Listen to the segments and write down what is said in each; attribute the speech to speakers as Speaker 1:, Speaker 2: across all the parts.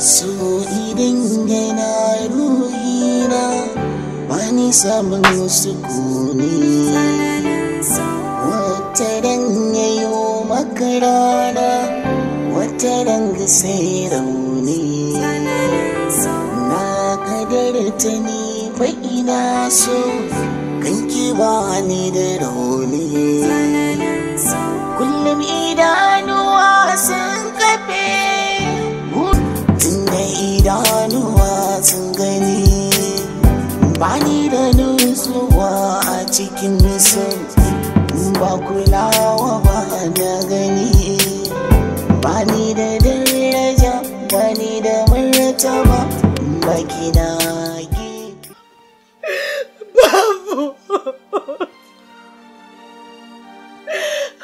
Speaker 1: so idan gaina ruhina wani samun sukuni wata ran yayo maka rana wata ran sai rauni na kadarta ni fa ina so kan ki ba ni da rauni bani da nutsuwa a cikin sauki ba kulawa ba na gani bani da daraja bani da ba baki na babu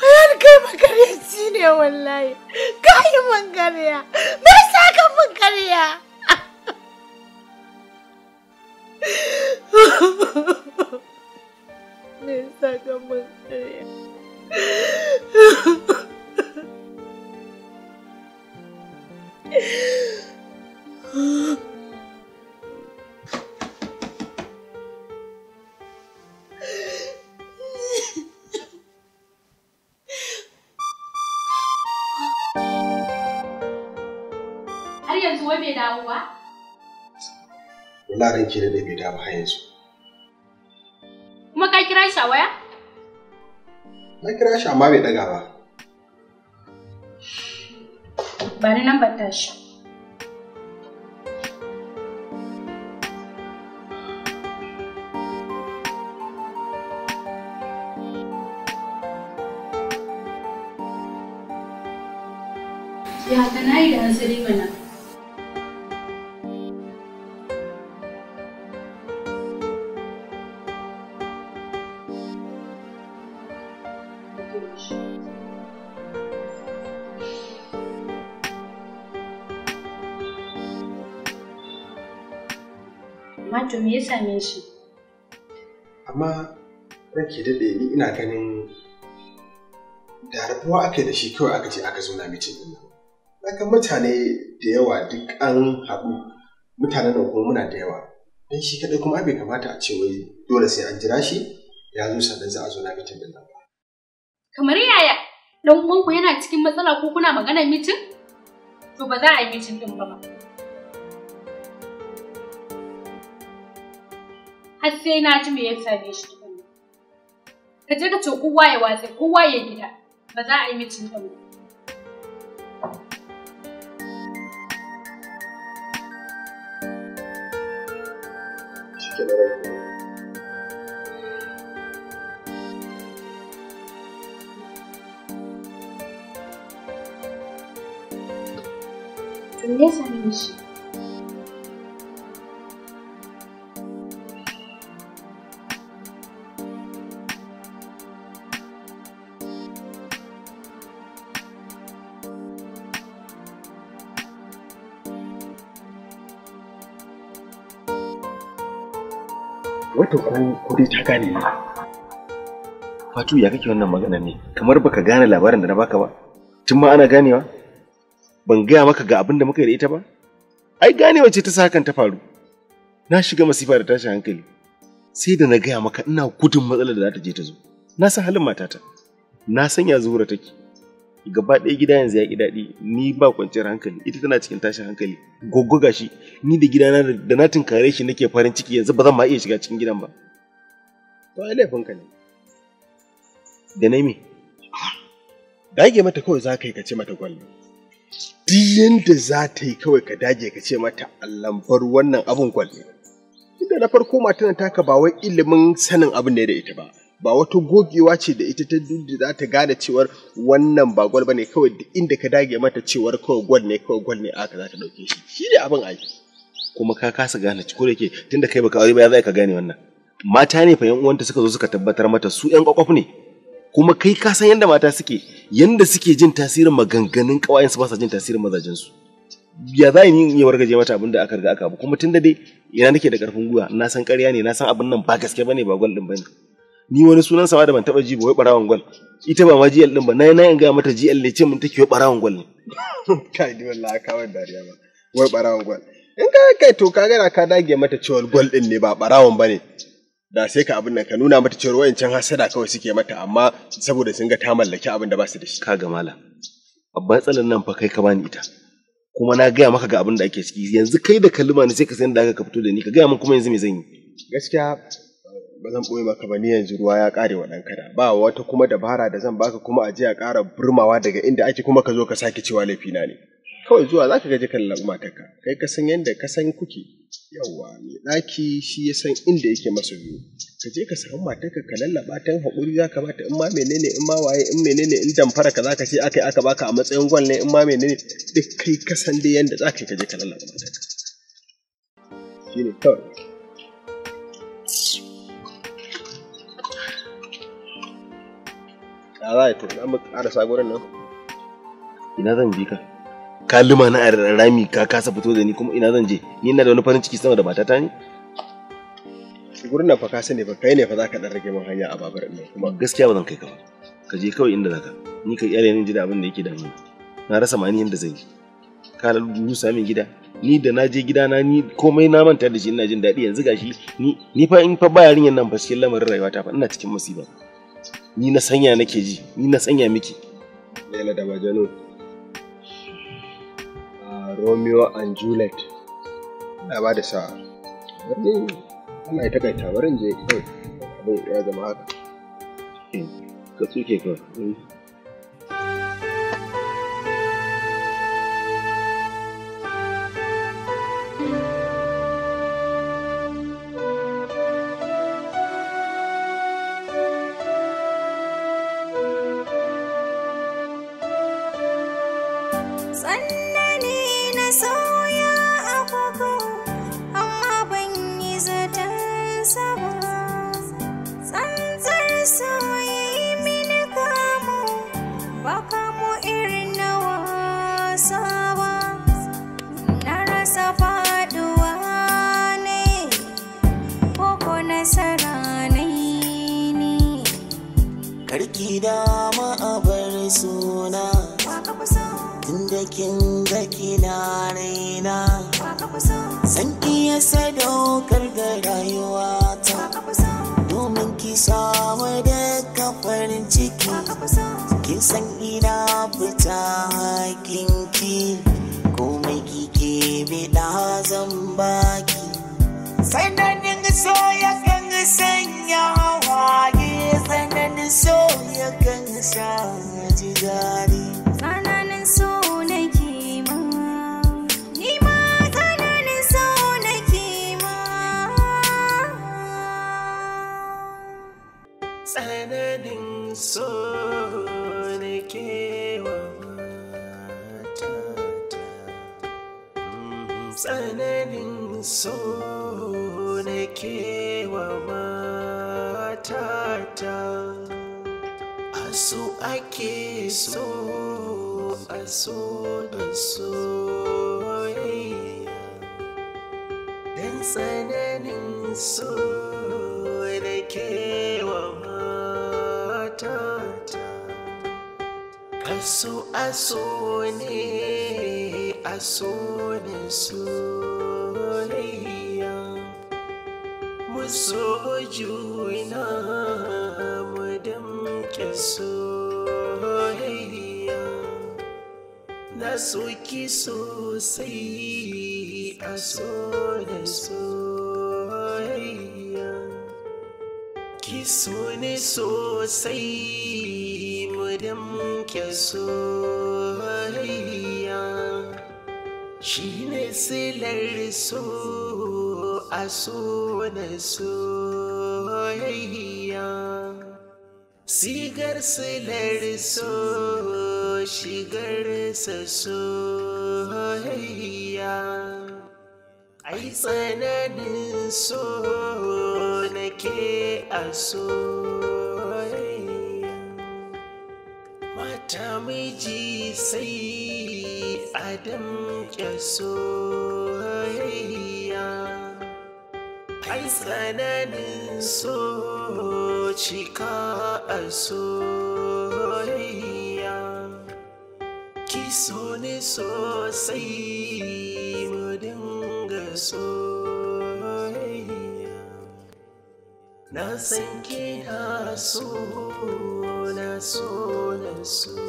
Speaker 2: hayar kai makaryaci ne wallahi kayi man karya sa ka mun karya
Speaker 3: Me ka
Speaker 4: wala ran ki da bai da ba yanzu
Speaker 2: kuma ka kira shi a waya
Speaker 4: na kira shi amma bai daga ba
Speaker 2: ba ni lambar tashi
Speaker 5: Ya, ta na yi da hanzari mana. Wato me ya same shi
Speaker 4: amma ranke daɗe ni ina ganin da rabuwa aka da shi kawai aka ce aka zo na mitin din nan Daga mutane da yawa duk an haɗu mutanen nan kuma muna da yawa don shi kaɗai kuma bai kamata a ce wai dole sai an
Speaker 6: jira shi ya zo sannan za a zo na mitin din nan
Speaker 2: kamar yaya dan uwanku
Speaker 5: yana cikin matsala ko kuna magana mitin to ba za a yi mitin din ba har sai na ji me ya same shi tukuna. Ka je ka ce kowa ya watse kowa ya gida ba za a yi micin ɗan ba. Me ya same shi?
Speaker 6: to ko ko ta
Speaker 4: gane ni. Fatu ya kake wannan magana ne kamar baka gane labarin da na baka ba tun ma ana ganewa ban gaya maka ga abin da muka yi da ita ba ai ganewa ce ta sakan ta faru na shiga masifa da tashin hankali sai da na gaya maka ina gudun matsalar da za ta je ta zo na san halin matata na san ya zuhura take gaba ɗaya gida yanzu ya ƙi daɗi ni ba kwanciyar hankali ita tana cikin tashin hankali ga shi ni da gidana da na tunkare shi nake farin ciki yanzu ba zan ma iya shiga cikin gidan ba to ai laifinka ne da na me dage mata kawai za ka yi ka ce mata gwalli duk yanda za ta yi kawai ka dage ka ce mata allambar wannan abin gwalli inda na farko matan taka ba wai ilimin sanin abin ne da ita ba ba wata gogewa ce da ita ta da za ta gane cewar wannan ba gwal ne kawai duk inda ka dage mata cewar kawai gwal ne kawai gwal ne aka za ta dauke shi shi ne abin aiki kuma ka kasa gane ko da ke da kai baka aure ba za ka gane wannan mata ne fa yan uwanta suka zo suka tabbatar mata su yan kwakwaf ne kuma kai ka san yadda mata suke yadda suke jin tasirin maganganun su ba sa jin tasirin su ya za ni ya wargaje mata abin da aka riga aka abu kuma tun da dai ina nake da karfin gwiwa na san ƙarya ne na san abin nan ba gaske bane ba gwal din bane ni wani sunan sama da ban taba ji ba wai barawon gwal ita ba ma GL din ba nayi nayi in ga mata GL ne ce mun take wai barawon gwal ne kai di wallahi ka wai dariya ba wai barawon gwal in ka kai to ka gana ka dage mata cewar gwal din ne ba barawon bane da sai ka abin nan ka nuna mata cewar wayancan hasada kawai suke mata amma saboda sun ga ta mallaki abin da ba su da shi kaga mala abban tsalan nan fa kai ka bani ita kuma na gaya maka ga abin da ake ciki yanzu kai da kalima ne sai ka san da aka ka fito da ni ka gaya min kuma yanzu me zan yi
Speaker 6: gaskiya ba zan ɓoye
Speaker 4: maka ba ni yanzu ruwa ya ƙare wa ɗan kada ba wata kuma dabara da zan baka kuma a a ƙara burmawa daga inda ake kuma ka zo ka sake cewa laifina ne kawai zuwa za ka gaji kan matarka kai ka san yadda ka san kuke yawwa mai ɗaki shi ya san inda yake masa biyu ka je ka samu matarka ka lallaba ta haƙuri za ka bata in ma menene in ma waye in menene in damfara ka za ka ce aka yi aka baka a matsayin gwal ne in ma menene duk kai ka san dai yadda za ka je ka lallaba matarka
Speaker 6: shine kawai
Speaker 4: a za ta za mu ƙarasa gurin nan ina zan bi ka ka lima na rami ka kasa fito da ni kuma ina zan je ni ina da wani farin ciki sama da matata ne gurin nan fa ka sani ba kai ne fa za ka dan rage min hanya a babar nan kuma gaskiya ba zan kai ka ba ka je kawai inda zaka ni ka iyale ni ji da abin da yake da mu na rasa ma ni yanda zan yi ka rusa sami gida ni da na je gida na ni komai na manta da shi ina jin daɗi yanzu gashi ni ni fa in fa ba yarinyan nan fa cikin lamarin rayuwa ta fa ina cikin musiba ni na sanya nake ji ni na sanya miki Laila da majano ah, Romeo and Juliet na ba da sa'a wani ana ita kai tabarin je kai abin ya zama haka ka tsuke ka
Speaker 1: karki dama a bar suna tunda kin ga kina raina san iya sadaukar da rayuwa ta domin ki samu da kafarin ciki kin san ina fita hakinki komai kike da zan baki sananin so ya kan sanya hawaye tsananin so ya kan sa ji daɗi. tsananin so na kima ni ma tsananin so na kima mm-hmm.
Speaker 3: tsananin so na kewa matata tsananin so na kewa mata aso ake so aso aso dan tsananin so da wa mata aso aso ne aso ne so so mu damke soyayya na soki sosai a so da soyayya ki so ne sosai mu damke soyayya shi ne silar so a so na soyayya sigar silar so shigar sa soyayya ai tsananin so nake a soyayya mata miji sai a damƙe soyayya ai tsananin so cika a soyayya ki so ne sosai mu dinga soyayya na san ki na so na so na so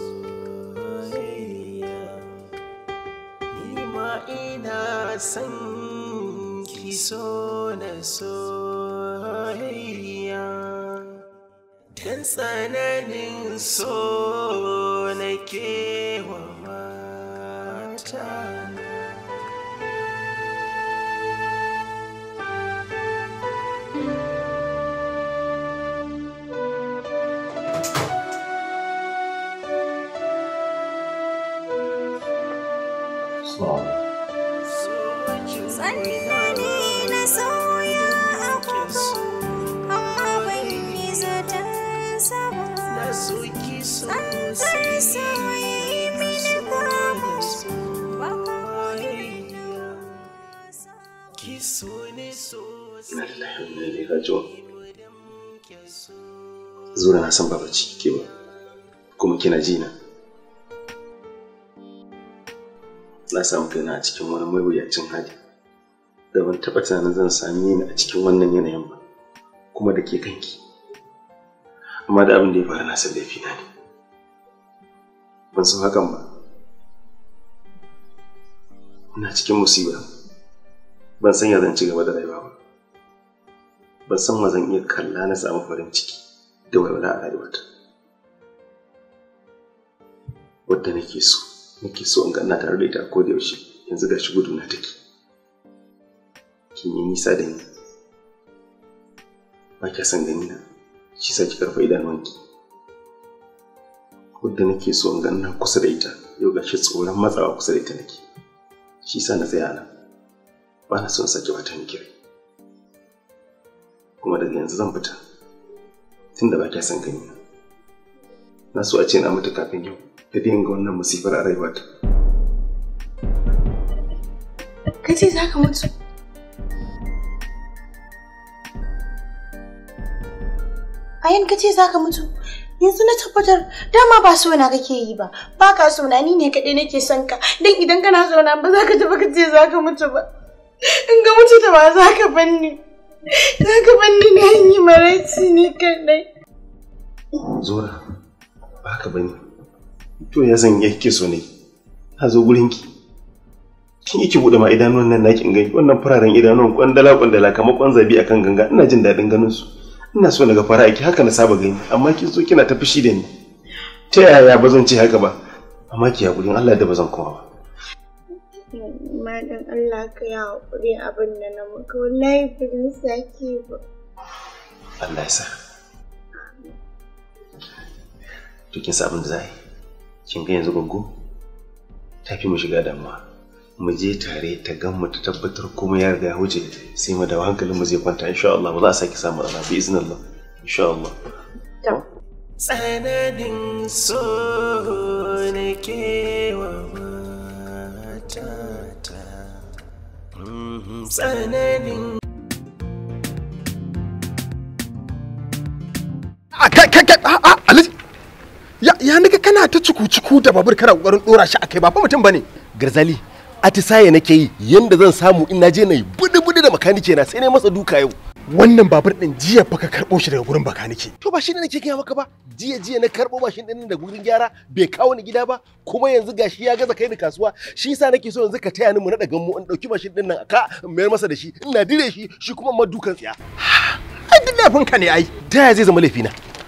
Speaker 3: ina san ki so na soyayya dan tsananin so na kewa inna
Speaker 4: lillahi wa inna ilaihi raji'un zura na san baba ciki ke ba kuma kina ji na na samu kaina a cikin wani mawuyacin hali da ban taɓa tunanin zan sami ni a cikin wannan yanayin ba kuma da ke kanki amma da abin da ya faru na san laifi na ne ban san hakan ba ina cikin musiba ban san ya zan ci gaba da rayuwa ban san ma zan iya kalla na samu farin ciki da walwala a rayuwata wadda nake so nake so in ga ina tare da ita a koda yaushe yanzu gashi gudu na take kin yi nisa da ni ba kya san gani na shi sa ki karfa idanuwanki wadda nake so in ga ina kusa da ita yau gashi tsoron matsawa kusa da ita nake shi sa na tsaya nan ba na son sake wata miki rai kuma daga yanzu zan fita tunda ba kya son gani na so a ce na mutu kafin yau da dai ga wannan masifar a rayuwata
Speaker 6: kai sai za ka
Speaker 5: mutu
Speaker 2: bayan kace ce za ka mutu yanzu na tabbatar dama ba so na kake yi ba ba ka so na ni ne kaɗai nake son ka dan idan kana so na ba za ka taɓa ka za ka mutu ba in ga mutu ta ba za ka banni Za ka banni na yi maraici ne
Speaker 6: kaɗai.
Speaker 4: Zora, ba ka bane. To ya zan yi ke so ne, na zo gurin ki. Kin yi ki buɗe ma idanuwan nan naki in gani wannan fararen idanuwan kwandala kwandala kamar kwanzabi akan ganga ina jin daɗin ganin su. Ina so na ga fara aiki haka na saba gani amma kin so kina ta fushi da ni. Ta yaya ba zan ce haka ba amma ki haƙurin Allah da ba zan koma ba.
Speaker 2: ma don Allah ka yi haƙuri abin da na muka wallahi sake ba.
Speaker 4: Allah ya sa. To kin sa abin da za yi? Kin ga yanzu gungu? Ta fi mu shiga damuwa. Mu je tare ta gan mu ta tabbatar kuma ya riga ya wuce sai mu dawo hankalin mu zai kwanta insha Allah ba za a sake samu rana bi iznillah insha Allah.
Speaker 3: Tsananin so ne kewa tsananin
Speaker 4: ah, ah, ah, ya nika kana ta ciku-ciku da babur kana kokarin dora shi akai ba fa mutum bane garzali atisaye nake yi yanda zan samu in naje na yi budi-budi da makanike na sai ne masa duka yau wannan babur din jiya fa ka karbo shi daga gurin nake to ba shi ne nake gaya maka ba jiya jiya na karbo mashin din daga gurin gyara bai kawo ni gida ba kuma yanzu gashi ya gaza kai ni kasuwa shi yasa nake so yanzu ka taya ni mu na daga mu in dauki mashin din nan ka mayar masa da shi ina dire shi shi kuma ma dukan tsiya ai duk laifin ka ne ai da zai zama laifina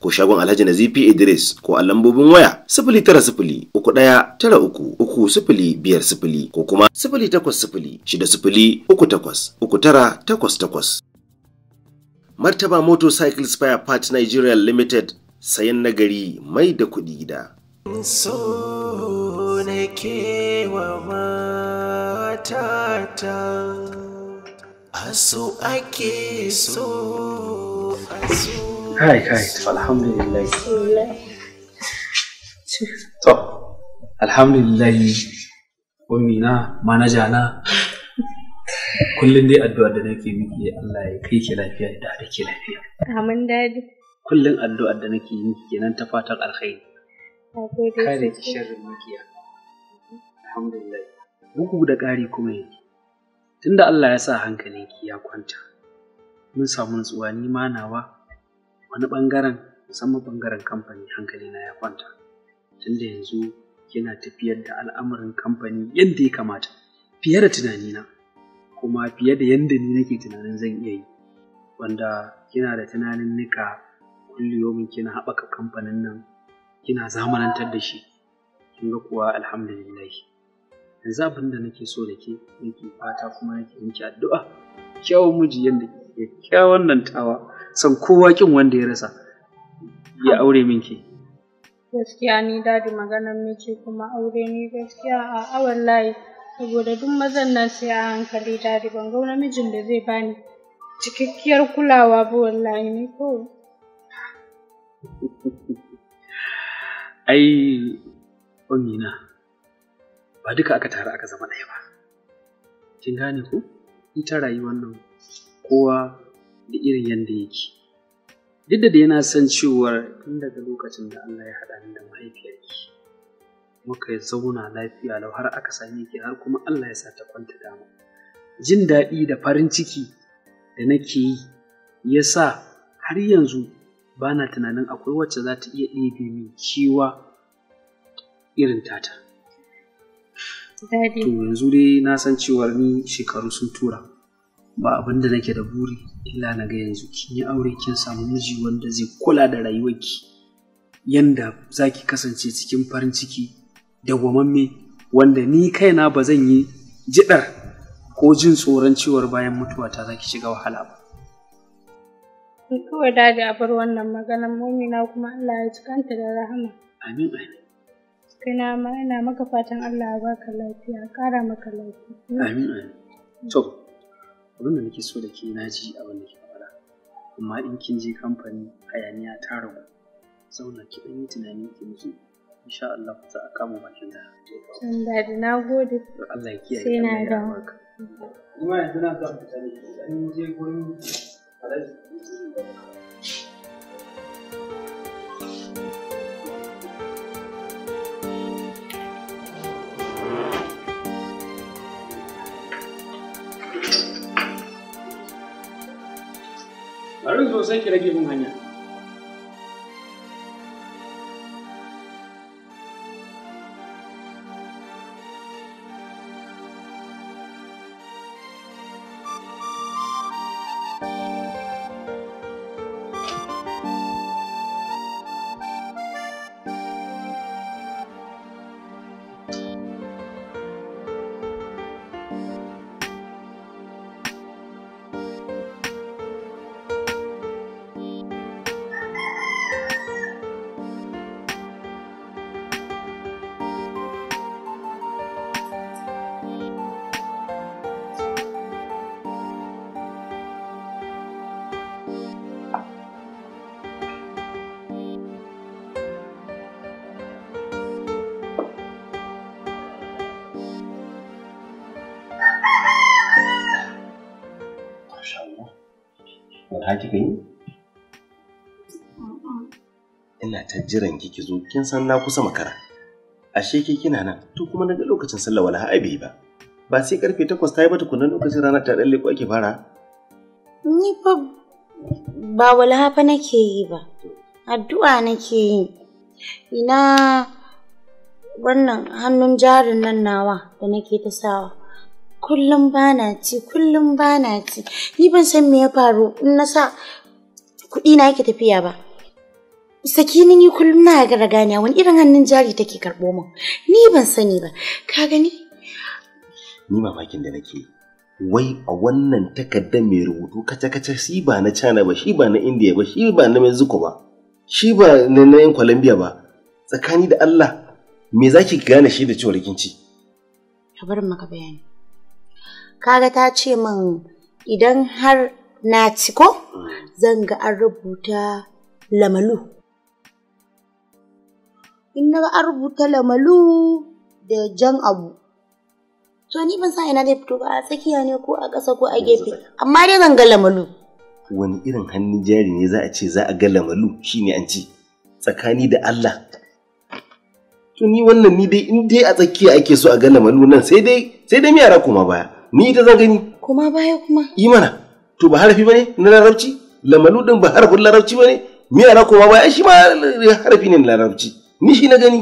Speaker 4: ko shagon Alhaji Nazifi Idris ko a lambobin waya sifili tara sifili uku ɗaya tara uku uku sifili biyar sifili ko kuma sifili takwas sifili shida sifili uku takwas uku tara takwas takwas. Martaba Motorcycle Spire Part Nigeria Limited sayan nagari mai da kuɗi gida.
Speaker 3: So na matata, aso ake so,
Speaker 6: Kai kai alhamdulillah. To alhamdulillah ummina manaja na kullum dai addu'ar da nake miki Allah ya kai ki lafiya ya dade ki lafiya.
Speaker 2: Amin dadi.
Speaker 6: Kullum addu'ar da nake miki kenan ta fatan alkhairi. Kare ki sharrin makiya. Alhamdulillah. Bugu da ƙari kuma yake. Tunda Allah ya sa hankalinki ya kwanta. Mun samu nutsuwa ni ma nawa wani ɓangaren musamman ɓangaren kamfani hankali na ya kwanta tunda yanzu yana tafiyar da al'amarin kamfani yadda ya kamata fiye da tunanina kuma fiye da yadda ni nake tunanin zan iya yi wanda kina da tunanin nika kulliyomin kina haɓaka kamfanin nan kina zamanantar da shi kin ga kuwa alhamdulillah yanzu abin da nake so da ke nake fata kuma nake miki addu'a kyawun miji yadda kyakkyawan nan tawa san kowa kin wanda ya rasa ya aure minki gaskiya ni dadi maganar miki kuma
Speaker 2: aure ni gaskiya a awan layi saboda duk mazan nan sai a hankali dadi ban ga namijin da zai bani cikakkiyar kulawa ba wallahi ni ko
Speaker 6: ai Amina, ba duka aka tare aka zama ɗaya ba kin gane ko ita rayuwar nan kowa da irin yadda yake duk da yana san cewar tun daga lokacin da Allah ya haɗa ni da mahaifiyarki muka zauna lafiya lau har aka same ki har kuma Allah ya sa ta kwanta dama jin daɗi da farin ciki da nake yi ya sa har yanzu ba na tunanin akwai wacce za ta iya ɗebe min kewa irin tata. To yanzu dai na san cewar ni shekaru sun tura. ba abin da nake da buri illa na ga yanzu kin yi aure kin samu miji wanda zai kula da rayuwarki yanda zaki kasance cikin farin ciki da gwamamme wanda ni kaina ba zan yi jidar ko jin tsoron cewar bayan mutuwa za ki shiga wahala ba.
Speaker 2: kawai dadi a bar wannan maganar mumina kuma Allah ya cikanta da rahama. Amin Kana ma ina maka fatan Allah ya baka lafiya, ƙara maka lafiya.
Speaker 6: Amin amin. To, abin da nake so da ke na ji abin da ke faɗa amma in kin je kamfani hayaniya ta ragu zauna ki ɗan yi tunani ki nutsu insha Allah za a kama bakin da kin
Speaker 5: da na gode
Speaker 6: Allah ya kiyaye sai na ga kuma yanzu na ga mutane an je gurin menurut saya kira-kira ganhar. Ka kika yi?
Speaker 4: Ina ta jiran ki ki zo kin san na kusa makara. Ashe ke kina nan to kuma na ga lokacin sallah wala bai ba. Ba sai karfe takwas ta yi ba tukunna lokacin rana ta ɗalle ko ake fara.
Speaker 2: Ni fa ba wala fa nake yi ba. Addu'a nake yi. Ina wannan hannun jarin nan nawa da nake ta sawa. kullum bana ci kullum bana ci ni ban san me ya faru in na sa kuɗi na yake tafiya ba sakini ni kullum na ga ragani. wani irin hannun jari take karɓo min ni ban sani ba ka gani
Speaker 4: ni mamakin da nake wai a wannan takarda mai rubutu kace-kace shi ba na China ba shi ba na India ba shi ba na Mexico ba shi ba na yan Colombia ba tsakani da Allah me zaki gane shi da cewa rikinci
Speaker 2: ka bar maka bayani kaga ta ce min idan har na ci ko zan ga an rubuta lamalu in na an rubuta lamalu da jan abu to ni ban sa ina zai fito ba a tsakiya ne ko a ƙasa ko a gefe amma dai zan ga lamalu
Speaker 4: wani irin hannun jari ne za a ce za a ga lamalu shine an ce tsakani da Allah to ni
Speaker 2: wannan ni dai in
Speaker 4: dai a tsakiya ake so a ga lamalu nan sai dai sai dai miyara kuma baya ni ita zan gani
Speaker 2: kuma baya kuma
Speaker 4: yi mana to ba harafi bane na larabci lamalu din ba harafin larabci bane Mi yana kuma baya shi ma harafi ne na larabci ni shi na gani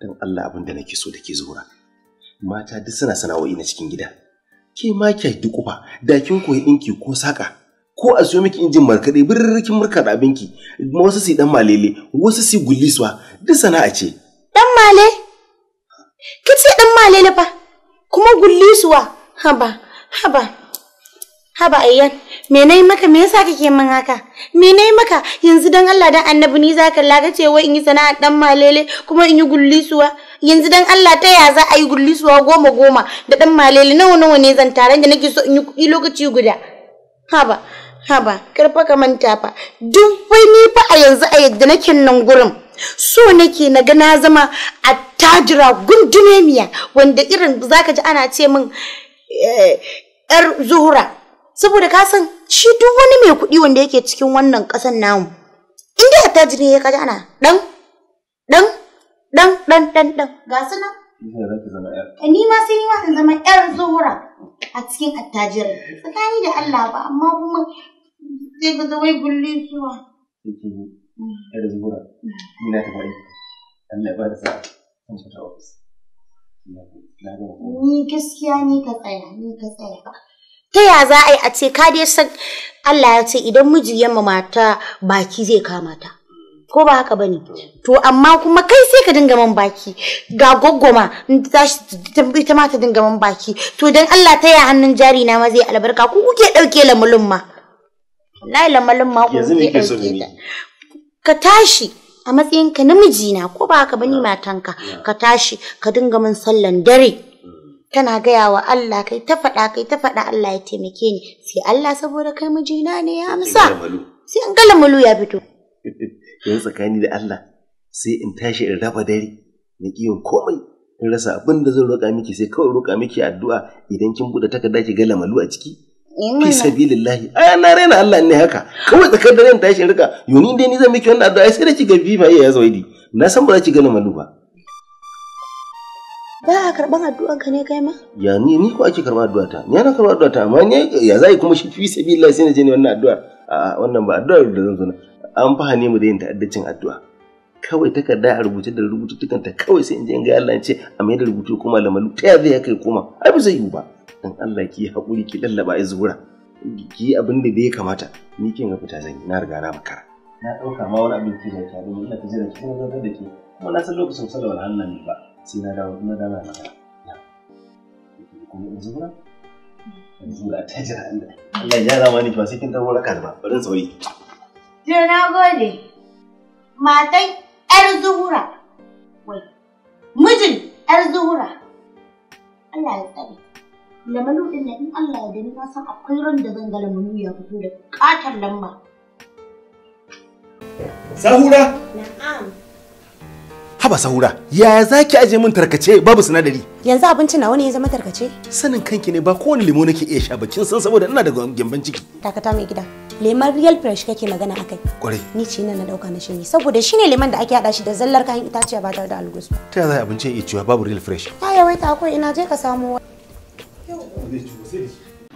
Speaker 4: dan Allah abin da nake so da ke zura mata duk suna sana'o'i na cikin gida ke ma ki dukufa da kin koyi dinki ko saka ko a siyo miki injin markaɗe birrikin da abinki wasu su dan malele wasu su gulliswa duk sana'a ce
Speaker 2: dan male Ki ce ɗan malele fa, kuma gullisuwa, haba, haba. Haba ayyan, me nayi maka me yasa kake min haka? Me nayi maka yanzu dan Allah dan annabi ni zaka laga cewa wai in yi sana'a dan malele kuma in yi gullisuwa. Yanzu dan Allah ta ya za a yi gullisuwa goma goma da dan malele nawa nawa ne zan taron da nake so in yi kuɗi lokaci guda. Haba, haba, karfa ka manta fa. Duk wai ni fa a yanzu a yadda nake nan gurin. so nake na ga na zama attajira gundumemiya wanda irin zaka ji ana ce min eh, yar zuhura saboda ka san shi duk wani mai kuɗi wanda yake cikin wannan ƙasan namu in dai attajiri ne ya kaji ana dan dan dan dan dan dan ga su nan eh, ni ma sai ni ma zan zama yar zuhura a cikin attajiri tsakani da Allah ba amma kuma sai ga zawai gulli zuwa
Speaker 6: Mm. ai da zuwa mm. ni na tafi aiki Allah ya ba da sa'a kan fita ni
Speaker 2: gaskiya ni ka tsaya ni ka tsaya ta ya za a yi a ce ka dai san Allah ya ce idan miji ya mata baki zai kama ta ko ba haka bane to amma kuma kai sai ka dinga man baki ga goggoma ita ma ta dinga man baki to dan Allah ta ya hannun jari na ma zai albarka ku kuke dauke lamulun ma wallahi lamalin ma ku kuke dauke ta ka tashi a matsayinka namijina ko ba ka bani matanka ka tashi ka dinga min sallan dare mm. tana gaya wa Allah kai ta faɗa kai ta faɗa Allah ya taimake ni sai Allah saboda kai mijina ne ya amsa sai an galamalu ya fito
Speaker 4: yanzu tsakani da Allah sai in tashi in raba dare na kiyon komai in rasa abin da zan roƙa miki sai kawai roƙa miki addu'a idan kin buɗe takarda ki ga lamalu a ciki fi sabilillahi ai na raina Allah ne haka kawai tsakar da ran tashi rika yoni dai ni zan miki wannan addu'a sai da ki ga iya ya zaidi na san ba za ki gane malu ba
Speaker 2: ba a karban addu'an ka ne kai ma
Speaker 4: ya ni ni ko ake karban addu'a ta ni ana karban addu'a ta amma ne ya zai kuma shi fi sabilillahi sai na je ne wannan addu'a a wannan ba addu'a da zan zo an fa ne mu da yin ta'addacin addu'a kawai takarda a rubuce da rubututtukanta kawai sai in je in ga Allah ce a mai da rubutu kuma lamalu ta ya zai kai koma ai ba zai yiwu ba don Allah ki haƙuri ki lallaba ya zura ki yi abin da ya kamata ni kin ga fita zan yi na riga na makara na ɗauka ma wani abin ki zai tare ina ta jira ki kuma zan da ke kuma na san lokacin sada wani hannun ne ba sai na dawo kuma dama na kuma in zura in zura ta jira Allah Allah ya rama ni ba sai kin dawo raka ba bari sauri
Speaker 2: je na gode matan yar zuhura wai mijin yar zuhura Allah ya tsare lamanu din na in Allah ya gani na san akwai ran da zan ga lamanu ya fito da katar lamba.
Speaker 6: Sahura? Na'am.
Speaker 4: Haba Sahura, yaya za ki aje min tarkace babu sinadari?
Speaker 2: Yanzu abinci na wani ya zama
Speaker 4: tarkace? Sanin kanki ne ba kowane lemo nake iya sha ba kin san saboda ina da gyamban ciki.
Speaker 2: Dakata mai gida. Lemon real fresh kake magana akai. Kwarai. Ni ce na dauka na shine saboda shine leman da ake hada shi da zallar kayan itaciya ba tare da algus.
Speaker 4: Ta yaya abinci ya iya cewa babu real fresh?
Speaker 2: Ta yawaita akwai ina je ka samu wani.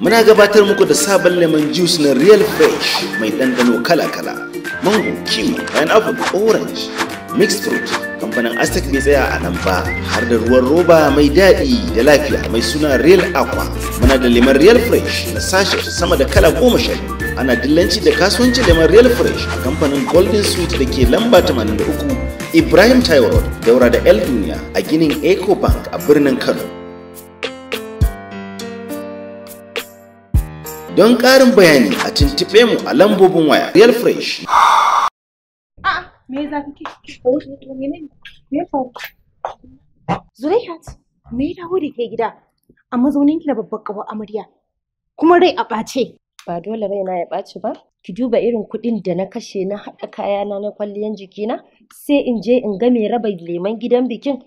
Speaker 4: Muna gabatar muku da sabon lemon juice na Real Fresh mai ɗanɗano kala-kala, mango, kiwi, pineapple, orange, mixed fruit. Kamfanin Aztec bai tsaya a nan ba har da ruwan roba mai daɗi da lafiya mai suna Real Aqua. Muna da lemon Real Fresh na sashe sama da kala goma sha Ana dillanci da kasuwanci lemon Real Fresh a kamfanin Golden Sweet da ke lamba 83 Ibrahim Taiwo Daura da El Duniya a ginin Eco Bank a birnin Kano. Don ƙarin bayani a tuntuɓe mu a lambobin waya Real Fresh.
Speaker 5: Zulaihat, me ya dawo da ke gida a mazauninki da babbar ƙawar amarya, kuma rai a ɓace. Ba dole rai na ya ɓaci ba, ki duba irin kuɗin da na kashe na haɗa kayana na kwalliyan jikina, sai in je in ga mai raba leman gidan bikin,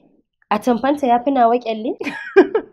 Speaker 5: a tamfanta ya fi nawa ƙyalli.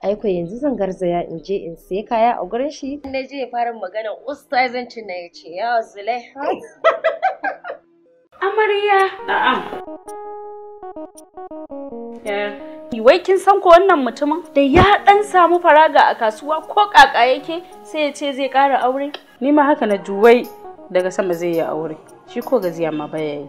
Speaker 5: aiko yanzu zan garzaya in je in sai kaya a gurin shi na je fara magana ustazancin na yace, ya zule amarya na'am kin san ko wannan mutumin da ya dan samu faraga a kasuwa ko kaka yake sai ya ce zai ƙara aure ni ma haka na juwai daga sama zai yi aure shi ko gaziya ma baya yi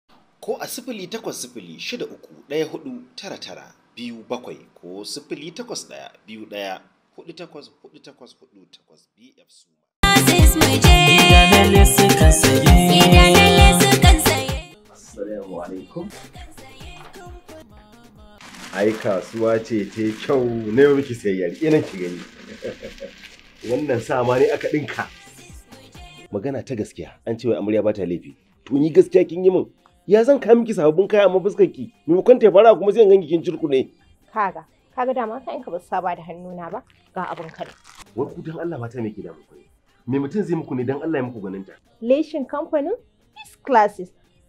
Speaker 4: ko a sifili takwas sifili shida uku ɗaya hudu tara tara biyu bakwai ko sifili takwas ɗaya biyu ɗaya hudu takwas hudu takwas hudu takwas
Speaker 6: bf suma. Assalamu alaikum.
Speaker 4: Ai kasuwa ce ta kyau ne miki sayayyar ina ki gani. Wannan sama ne aka ɗinka. Magana ta gaskiya an ce wai amarya ba ta laifi. To ni gaskiya kin yi min ya san ka miki sababbin kaya amma fuskar ki kun ta fara kuma sai ganki kin cirkune
Speaker 5: kaga kaga dama in ka ba su saba da hannuna ba ga abin kai
Speaker 4: wai ku dan Allah mata me ke da muku ne me mutum zai muku ne dan Allah ya muku ganin ta
Speaker 5: leshin kamfanin class classes